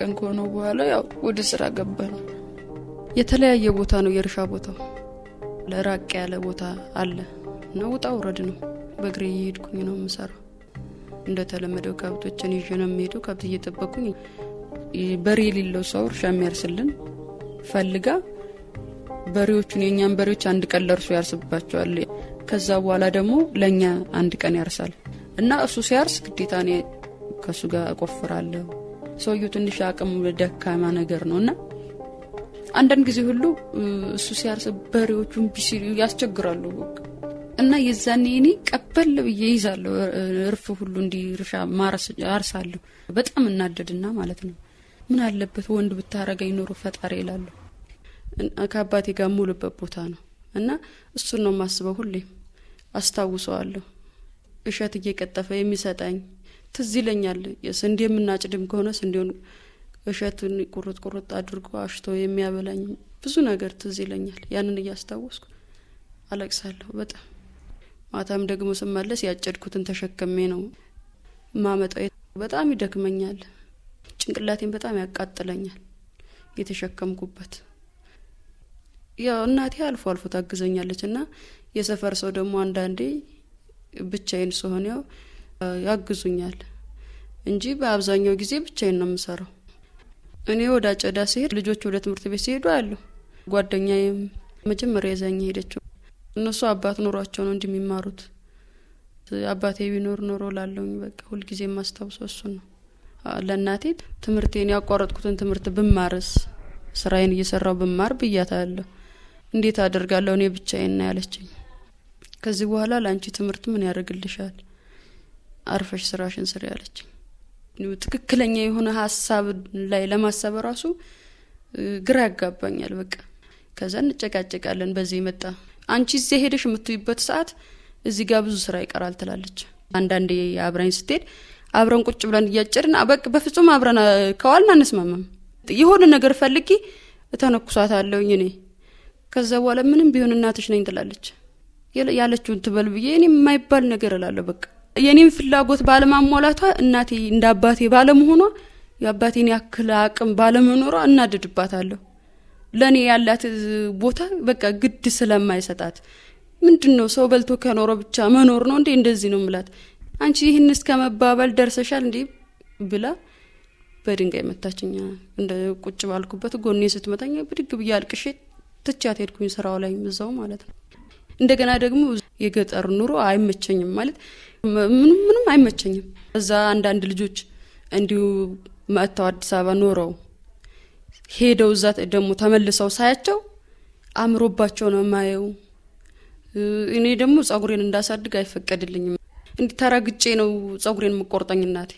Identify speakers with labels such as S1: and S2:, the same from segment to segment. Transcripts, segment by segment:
S1: ቀን ከሆነው በኋላ ያው ወደ ስራ ገባን። የተለያየ ቦታ ነው የእርሻ ቦታው ለራቅ ያለ ቦታ አለ እና ውጣ ውረድ ነው። በእግሬ እየሄድኩኝ ነው የምሰራው። እንደተለመደው ከብቶችን ይዤ ነው የምሄደው። ከብት እየጠበቁኝ በሬ የሌለው ሰው እርሻ የሚያርስልን ፈልጋ በሬዎቹን የእኛን በሬዎች አንድ ቀን ለእርሱ ያርስባቸዋል። ከዛ በኋላ ደግሞ ለእኛ አንድ ቀን ያርሳል እና እሱ ሲያርስ ግዴታ እኔ ከእሱ ጋር እቆፍራለሁ ሰውየው ትንሽ አቅም ደካማ ነገር ነው እና አንዳንድ ጊዜ ሁሉ እሱ ሲያርስ በሬዎቹን ቢሲ ያስቸግራሉ እና የዛኔ እኔ ቀበል ብዬ ይዛለሁ። እርፍ ሁሉ እንዲህ እርሻ አርሳለሁ። በጣም እናደድና ማለት ነው ምን አለበት ወንድ ብታረገኝ ኖሮ ፈጣሪ ይላለሁ። ከአባቴ ጋር ሙልበት ቦታ ነው እና እሱን ነው የማስበው። ሁሌም አስታውሰዋለሁ። እሸት እየቀጠፈ የሚሰጠኝ ትዝ ይለኛል። ስንዴ የምናጭድም ከሆነ ስንዴውን እሸቱን ቁርጥ ቁርጥ አድርጎ አሽቶ የሚያበላኝ ብዙ ነገር ትዝ ይለኛል። ያንን እያስታወስኩ አለቅሳለሁ በጣም። ማታም ደግሞ ስመለስ ያጨድኩትን ተሸክሜ ነው ማመጣው። በጣም ይደክመኛል፣ ጭንቅላቴን በጣም ያቃጥለኛል የተሸከምኩበት። ያው እናቴ አልፎ አልፎ ታግዘኛለች እና የሰፈር ሰው ደግሞ አንዳንዴ ብቻዬን ስሆን ያው ያግዙኛል እንጂ በአብዛኛው ጊዜ ብቻዬን ነው የምሰራው። እኔ ወደ አጨዳ ሲሄድ ልጆች ወደ ትምህርት ቤት ሲሄዱ አሉ። ጓደኛዬም መጀመሪያ የዛኝ ሄደችው። እነሱ አባት ኖሯቸው ነው እንጂ የሚማሩት። አባቴ ቢኖር ኖሮ ላለውኝ በቃ ሁልጊዜ የማስታውሰው እሱ ነው። ለእናቴ ትምህርቴን ያቋረጥኩትን ትምህርት ብማርስ ስራዬን እየሰራው ብማር ብያታለሁ። እንዴት አደርጋለሁ እኔ ብቻዬን ነው ያለችኝ። ከዚህ በኋላ ለአንቺ ትምህርት ምን ያደርግልሻል? አርፈሽ ስራሽን ስሪ ያለች። ትክክለኛ የሆነ ሀሳብ ላይ ለማሰብ ራሱ ግራ ያጋባኛል። በቃ ከዛ እንጨቃጨቃለን። በዚህ መጣ አንቺ እዚያ ሄደሽ የምትይበት ሰዓት እዚህ ጋር ብዙ ስራ ይቀራል ትላለች። አንዳንዴ አብረኝ ስትሄድ አብረን ቁጭ ብለን እያጨድን በቃ በፍጹም አብረን ከዋልን አንስማማም። የሆነ ነገር ፈልጊ እተነኩሳት አለውኝ እኔ ከዛ በኋላ ምንም ቢሆን እናትሽ ነኝ ትላለች። ያለችውን ትበል ብዬ እኔ የማይባል ነገር እላለሁ በቃ የኔም ፍላጎት ባለማሟላቷ እናቴ እንደ አባቴ ባለመሆኗ የአባቴን ያክል አቅም ባለመኖሯ እናድድባታለሁ። ለእኔ ያላት ቦታ በቃ ግድ ስለማይሰጣት ምንድን ነው ሰው በልቶ ከኖረ ብቻ መኖር ነው እንዴ? እንደዚህ ነው ምላት፣ አንቺ ይህን እስከ መባባል ደርሰሻል እንዴ? ብላ በድንጋይ መታችኛ። እንደ ቁጭ ባልኩበት ጎኔ ስትመታኝ ብድግ ብዬ አልቅሼ ትቻት ሄድኩኝ። ስራው ላይ ምዛው ማለት ነው። እንደገና ደግሞ የገጠር ኑሮ አይመቸኝም ማለት ምንም አይመቸኝም። እዛ አንዳንድ ልጆች እንዲሁ መጥተው አዲስ አበባ ኖረው ሄደው እዛ ደግሞ ተመልሰው ሳያቸው አምሮባቸው ነው የማየው። እኔ ደግሞ ጸጉሬን እንዳሳድግ አይፈቀድልኝም። እንዲህ ተረግጬ ነው ጸጉሬን የምቆርጠኝ እናቴ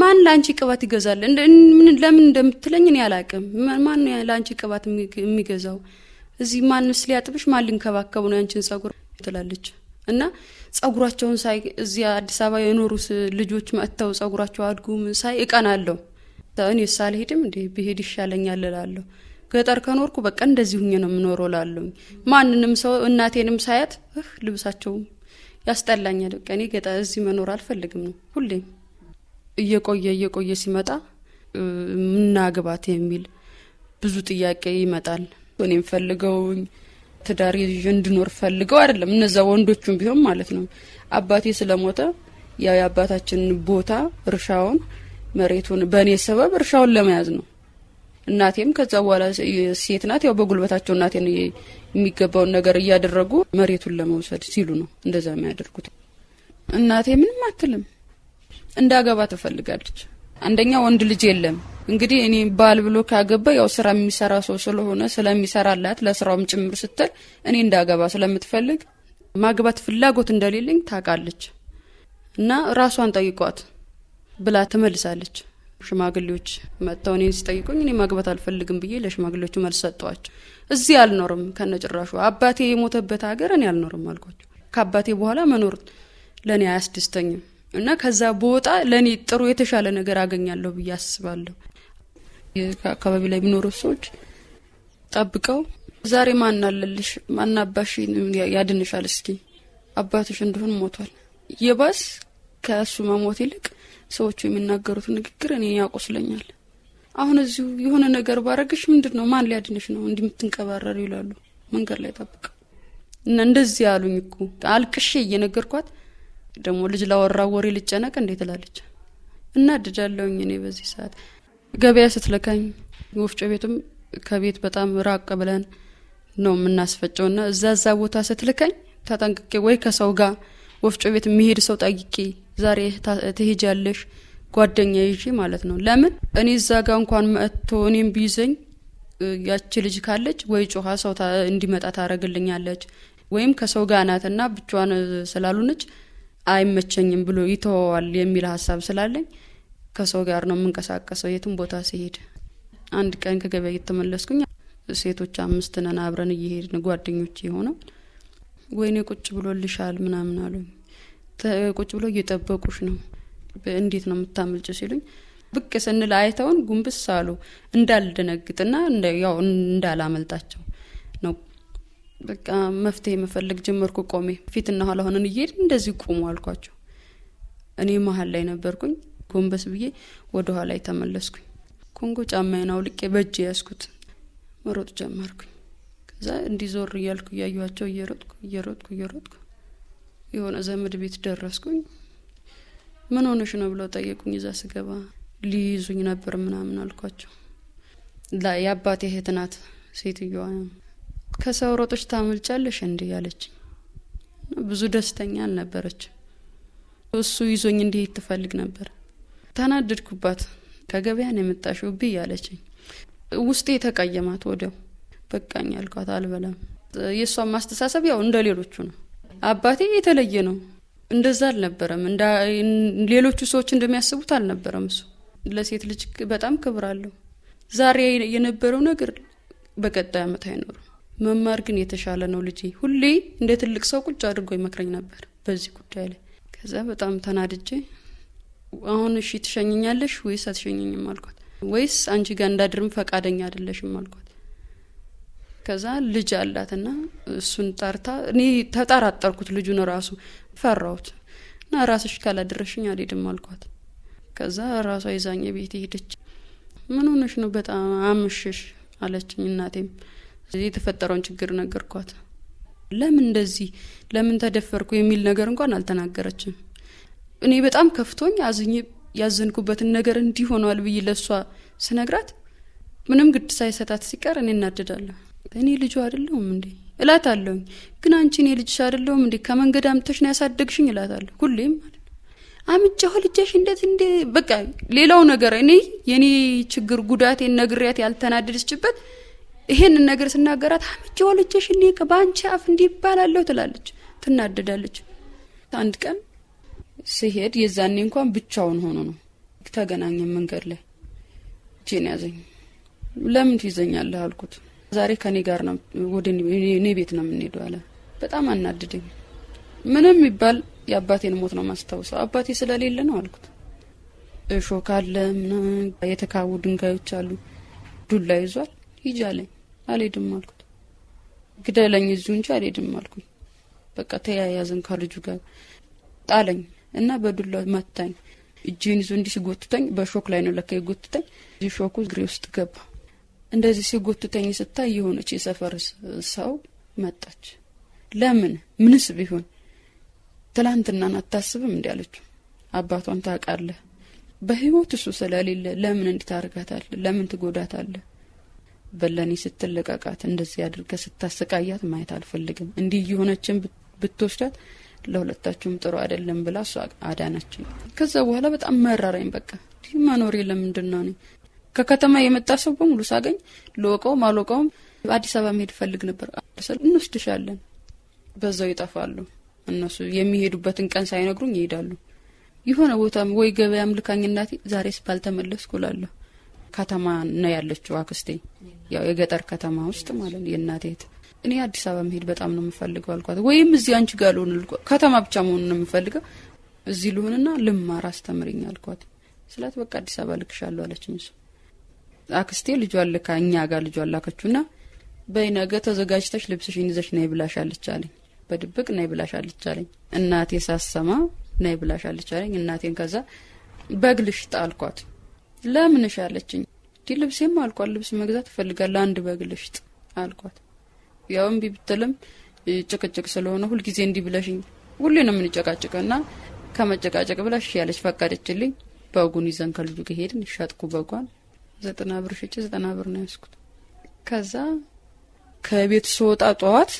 S1: ማን ለአንቺ ቅባት ይገዛል? ለምን እንደምትለኝ እኔ አላቅም። ማን ለአንቺ ቅባት የሚገዛው? እዚህ ማንስ ሊያጥብሽ? ማን ሊንከባከቡ ነው ያንቺን ጸጉር ትላለች። እና ጸጉራቸውን ሳይ እዚያ አዲስ አበባ የኖሩት ልጆች መጥተው ጸጉራቸው አድጉም ሳይ እቀናለሁ። እኔስ አልሄድም እንዴ ብሄድ ይሻለኛል እላለሁ። ገጠር ከኖርኩ በቃ እንደዚህ ሁኜ ነው የምኖረው እላለሁ። ማንንም ሰው እናቴንም ሳያት ልብሳቸውም ያስጠላኛል። በቃ እኔ ገጠር እዚህ መኖር አልፈልግም ነው ሁሌም። እየቆየ እየቆየ ሲመጣ ምናግባት የሚል ብዙ ጥያቄ ይመጣል። እኔ ፈልገውኝ ትዳር ይዤ እንድኖር ፈልገው አይደለም። እነዛ ወንዶቹም ቢሆን ማለት ነው። አባቴ ስለሞተ ያ የአባታችንን ቦታ እርሻውን፣ መሬቱን በእኔ ሰበብ እርሻውን ለመያዝ ነው። እናቴም ከዛ በኋላ ሴት ናት። ያው በጉልበታቸው እናቴን የሚገባውን ነገር እያደረጉ መሬቱን ለመውሰድ ሲሉ ነው እንደዛ የሚያደርጉት። እናቴ ምንም አትልም። እንዳገባ ትፈልጋለች። አንደኛ ወንድ ልጅ የለም። እንግዲህ እኔ ባል ብሎ ካገባ ያው ስራ የሚሰራ ሰው ስለሆነ ስለሚሰራላት ለስራውም ጭምር ስትል እኔ እንዳገባ ስለምትፈልግ ማግባት ፍላጎት እንደሌለኝ ታውቃለች እና ራሷን ጠይቋት ብላ ትመልሳለች። ሽማግሌዎች መጥተው እኔን ሲጠይቁኝ እኔ ማግባት አልፈልግም ብዬ ለሽማግሌዎቹ መልስ ሰጠዋቸው። እዚህ አልኖርም ከነጭራሹ አባቴ የሞተበት ሀገር እኔ አልኖርም አልኳቸው። ከአባቴ በኋላ መኖር ለእኔ አያስደስተኝም። እና ከዛ በወጣ ለእኔ ጥሩ የተሻለ ነገር አገኛለሁ ብዬ አስባለሁ። ከአካባቢ ላይ የሚኖሩ ሰዎች ጠብቀው ዛሬ ማናለልሽ አለልሽ ያድንሻል፣ እስኪ አባትሽ እንደሆን ሞቷል። የባስ ከእሱ መሞት ይልቅ ሰዎቹ የሚናገሩት ንግግር እኔን ያቆስለኛል። አሁን እዚሁ የሆነ ነገር ባረግሽ ምንድን ነው ማን ሊያድንሽ ነው እንዲህ የምትንቀባረሩ ይላሉ መንገድ ላይ ጠብቀው እና እንደዚህ አሉኝ እኮ አልቅሼ እየነገርኳት ደግሞ ልጅ ላወራ ወሬ ልጨነቅ እንዴት እና እናድዳለሁኝ እኔ በዚህ ሰዓት ገበያ ስትለካኝ፣ ወፍጮ ቤቱም ከቤት በጣም ራቅ ብለን ነው የምናስፈጨው እና እዛ እዛ ቦታ ስትልከኝ ተጠንቅቄ ወይ ከሰው ጋር ወፍጮ ቤት የሚሄድ ሰው ጠይቄ ዛሬ ትሄጃለሽ ጓደኛ ይዤ ማለት ነው። ለምን እኔ እዛ ጋር እንኳን መጥቶ እኔም ቢይዘኝ ያቺ ልጅ ካለች ወይ ጮኋ ሰው እንዲመጣ ታደርግልኛለች ወይም ከሰው ጋር ናትና ብቻዋን ስላሉነች አይመቸኝም ብሎ ይተወዋል የሚል ሀሳብ ስላለኝ ከሰው ጋር ነው የምንቀሳቀሰው የትም ቦታ ሲሄድ። አንድ ቀን ከገበያ እየተመለስኩኝ ሴቶች አምስት ነን አብረን እየሄድን ጓደኞች የሆነው ወይኔ ቁጭ ልሻል ምናምን አሉኝ። ቁጭ ብሎ እየጠበቁሽ ነው እንዴት ነው የምታመልጭ ሲሉኝ ብቅ ስንል አይተውን ጉንብስ አሉ እንዳልደነግጥና ያው እንዳላመልጣቸው ነው። በቃ መፍትሄ መፈለግ ጀመርኩ። ቆሜ ፊትና ኋላ ሆነን እየሄድን እንደዚህ ቁሙ አልኳቸው። እኔ መሀል ላይ ነበርኩኝ። ጎንበስ ብዬ ወደ ኋላ የተመለስኩኝ ኮንጎ ጫማዬን አውልቄ በእጅ ያዝኩት መሮጥ ጀመርኩኝ። ከዛ እንዲዞር ዞር እያልኩ እያዩቸው እየሮጥኩ እየሮጥኩ እየሮጥኩ የሆነ ዘመድ ቤት ደረስኩኝ። ምን ሆነሽ ነው ብለው ጠየቁኝ። እዛ ስገባ ሊይዙኝ ነበር ምናምን አልኳቸው። የአባቴ እህት ናት ሴትዮዋ ከሰው ሮጦች ታመልጫለሽ እንዲህ ያለች ብዙ ደስተኛ አልነበረች። እሱ ይዞኝ እንዲሄድ ትፈልግ ነበር። ተናደድኩባት። ከገበያ ነው የመጣሽው ያለችኝ። ውስጤ የተቀየማት ወዲያው በቃኝ አልኳት። አልበላም። የእሷን ማስተሳሰብ ያው እንደ ሌሎቹ ነው። አባቴ የተለየ ነው። እንደዛ አልነበረም። ሌሎቹ ሰዎች እንደሚያስቡት አልነበረም። እሱ ለሴት ልጅ በጣም ክብር አለው። ዛሬ የነበረው ነገር በቀጣይ አመት አይኖርም። መማር ግን የተሻለ ነው ልጄ ሁሌ እንደ ትልቅ ሰው ቁጭ አድርጎ ይመክረኝ ነበር በዚህ ጉዳይ ላይ ከዛ በጣም ተናድጄ አሁን እሺ ትሸኝኛለሽ ወይስ አትሸኝኝም አልኳት ወይስ አንቺ ጋር እንዳድርም ፈቃደኛ አይደለሽም አልኳት ከዛ ልጅ አላትና እሱን ጠርታ እኔ ተጠራጠርኩት ልጁን ራሱ ፈራሁት እና ራስሽ ካላደረሽኝ አልሄድም አልኳት ከዛ ራሷ ይዛኝ ቤት ሄደች ምን ሆነሽ ነው በጣም አምሽሽ አለችኝ እናቴም የተፈጠረውን ችግር ነገርኳት። ለምን እንደዚህ ለምን ተደፈርኩ የሚል ነገር እንኳን አልተናገረችም። እኔ በጣም ከፍቶኝ አዝኝ ያዘንኩበትን ነገር እንዲህ ሆነዋል ብዬ ለሷ ስነግራት ምንም ግድ ሳይሰጣት ሲቀር እኔ እናደዳለሁ። እኔ ልጁ አይደለሁም እንዴ እላት አለውኝ። ግን አንቺ እኔ ልጅሽ አይደለሁም እንዴ ከመንገድ አምጥተሽ ነው ያሳደግሽኝ እላት አለሁ ሁሌም ማለት አምጫሁ ልጃሽ እንደት እንዴ በቃ ሌላው ነገር እኔ የእኔ ችግር ጉዳቴን ነግሬያት ያልተናደደችበት ይሄንን ነገር ስናገራት አምቼ ወልጄሽ እኔ በአንቺ አፍ እንዲህ ይባላለሁ ትላለች፣ ትናደዳለች። አንድ ቀን ሲሄድ የዛኔ እንኳን ብቻውን ሆኖ ነው ተገናኘ። መንገድ ላይ እጄን ያዘኝ። ለምን ትይዘኛለህ አልኩት። ዛሬ ከኔ ጋር ነው ወደ እኔ ቤት ነው የምንሄደው አለ። በጣም አናደደኝ። ምንም ይባል የአባቴን ሞት ነው ማስታውሰው። አባቴ ስለሌለ ነው አልኩት። እሾህ ካለ የተካቡ ድንጋዮች አሉ፣ ዱላ ይዟል፣ ሂጂ አለኝ። አልሄድም አልኩት። ግደለኝ እዚሁ እንጂ አልሄድም አልኩኝ። በቃ ተያያዘን ከልጁ ጋር ጣለኝ እና በዱላ መታኝ። እጅን ይዞ እንዲህ ሲጎትተኝ በሾክ ላይ ነው ለካ የጎትተኝ። እዚህ ሾኩ እግሬ ውስጥ ገባ። እንደዚህ ሲጎትተኝ ስታይ የሆነች የሰፈር ሰው መጣች። ለምን ምንስ ቢሆን ትላንትናን አታስብም? እንዲ አለች። አባቷን ታውቃለህ፣ በህይወት እሱ ስለሌለ ለምን እንዲታርጋታለህ? ለምን ትጎዳታለህ? በለኔ ስትለቀቃት እንደዚህ አድርገ ስታሰቃያት ማየት አልፈልግም፣ እንዲህ እየሆነችን ብትወስዳት ለሁለታችሁም ጥሩ አይደለም ብላ እሷ አዳነችኝ። ከዛ በኋላ በጣም መራራኝ። በቃ ይህ መኖሬ ለምንድን ነው? ከከተማ የመጣ ሰው በሙሉ ሳገኝ ልወቀውም አልወቀውም አዲስ አበባ መሄድ ፈልግ ነበር። እንወስድሻለን። በዛው ይጠፋሉ። እነሱ የሚሄዱበትን ቀን ሳይነግሩኝ ይሄዳሉ። የሆነ ቦታ ወይ ገበያም ልካኝ እናቴ ዛሬስ ባልተመለስኩ እላለሁ። ከተማ ነው ያለችው አክስቴ፣ ያው የገጠር ከተማ ውስጥ ማለት ነው የእናቴ እኔ አዲስ አበባ መሄድ በጣም ነው የምፈልገው አልኳት። ወይም እዚህ አንቺ ጋር ልሆን ከተማ ብቻ መሆኑን ነው የምፈልገው እዚህ ልሆንና ልማር አስተምርኝ አልኳት። ስላት በቃ አዲስ አበባ ልክሻለሁ አለች። ምስ አክስቴ ልጇን ልካ እኛ ጋር ልጇን ላከችውና በይ ነገ ተዘጋጅተሽ ልብስሽን ይዘሽ ነይ ብላሻለች አለኝ። በድብቅ ነይ ብላሻለች አለኝ። እናቴ ሳሰማ ነይ ብላሻለች አለኝ። እናቴን ከዛ በግልሽ ጣልኳት። ለምንሽ አለችኝ። እንዲህ ልብሴም አልቋል፣ ልብስ መግዛት እፈልጋለሁ አንድ በግ ልሽጥ አልኳት። ያው እምቢ ብትልም ጭቅጭቅ ስለሆነ ሁልጊዜ እንዲህ ብለሽኝ ሁሌ ነው የምንጨቃጭቀ እና ከመጨቃጨቅ ብላ እሺ ያለች ፈቀደችልኝ። በጉን ይዘን ከልጁ ከሄድን ይሻጥኩ በጓን ዘጠና ብር ሽጭ ዘጠና ብር ነው ያስኩት። ከዛ ከቤት ስወጣ ጠዋት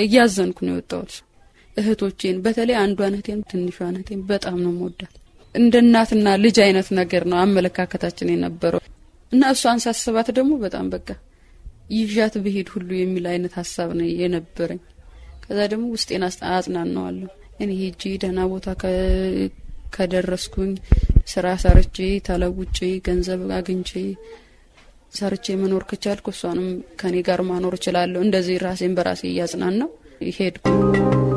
S1: እያዘንኩ ነው የወጣሁት። እህቶቼን በተለይ አንዷን እህቴን ትንሿን እህቴን በጣም ነው መወዳት እንደ እናትና ልጅ አይነት ነገር ነው አመለካከታችን የነበረው እና እሷን ሳስባት ደግሞ በጣም በቃ ይዣት ብሄድ ሁሉ የሚል አይነት ሀሳብ ነው የነበረኝ። ከዛ ደግሞ ውስጤን አጽናነዋለሁ። እኔ ሄጄ ደህና ቦታ ከደረስኩኝ ስራ ሰርቼ ተለውጬ ገንዘብ አግኝቼ ሰርቼ መኖር ከቻልኩ እሷንም ከኔ ጋር ማኖር እችላለሁ። እንደዚህ ራሴን በራሴ ነው ሄድኩ።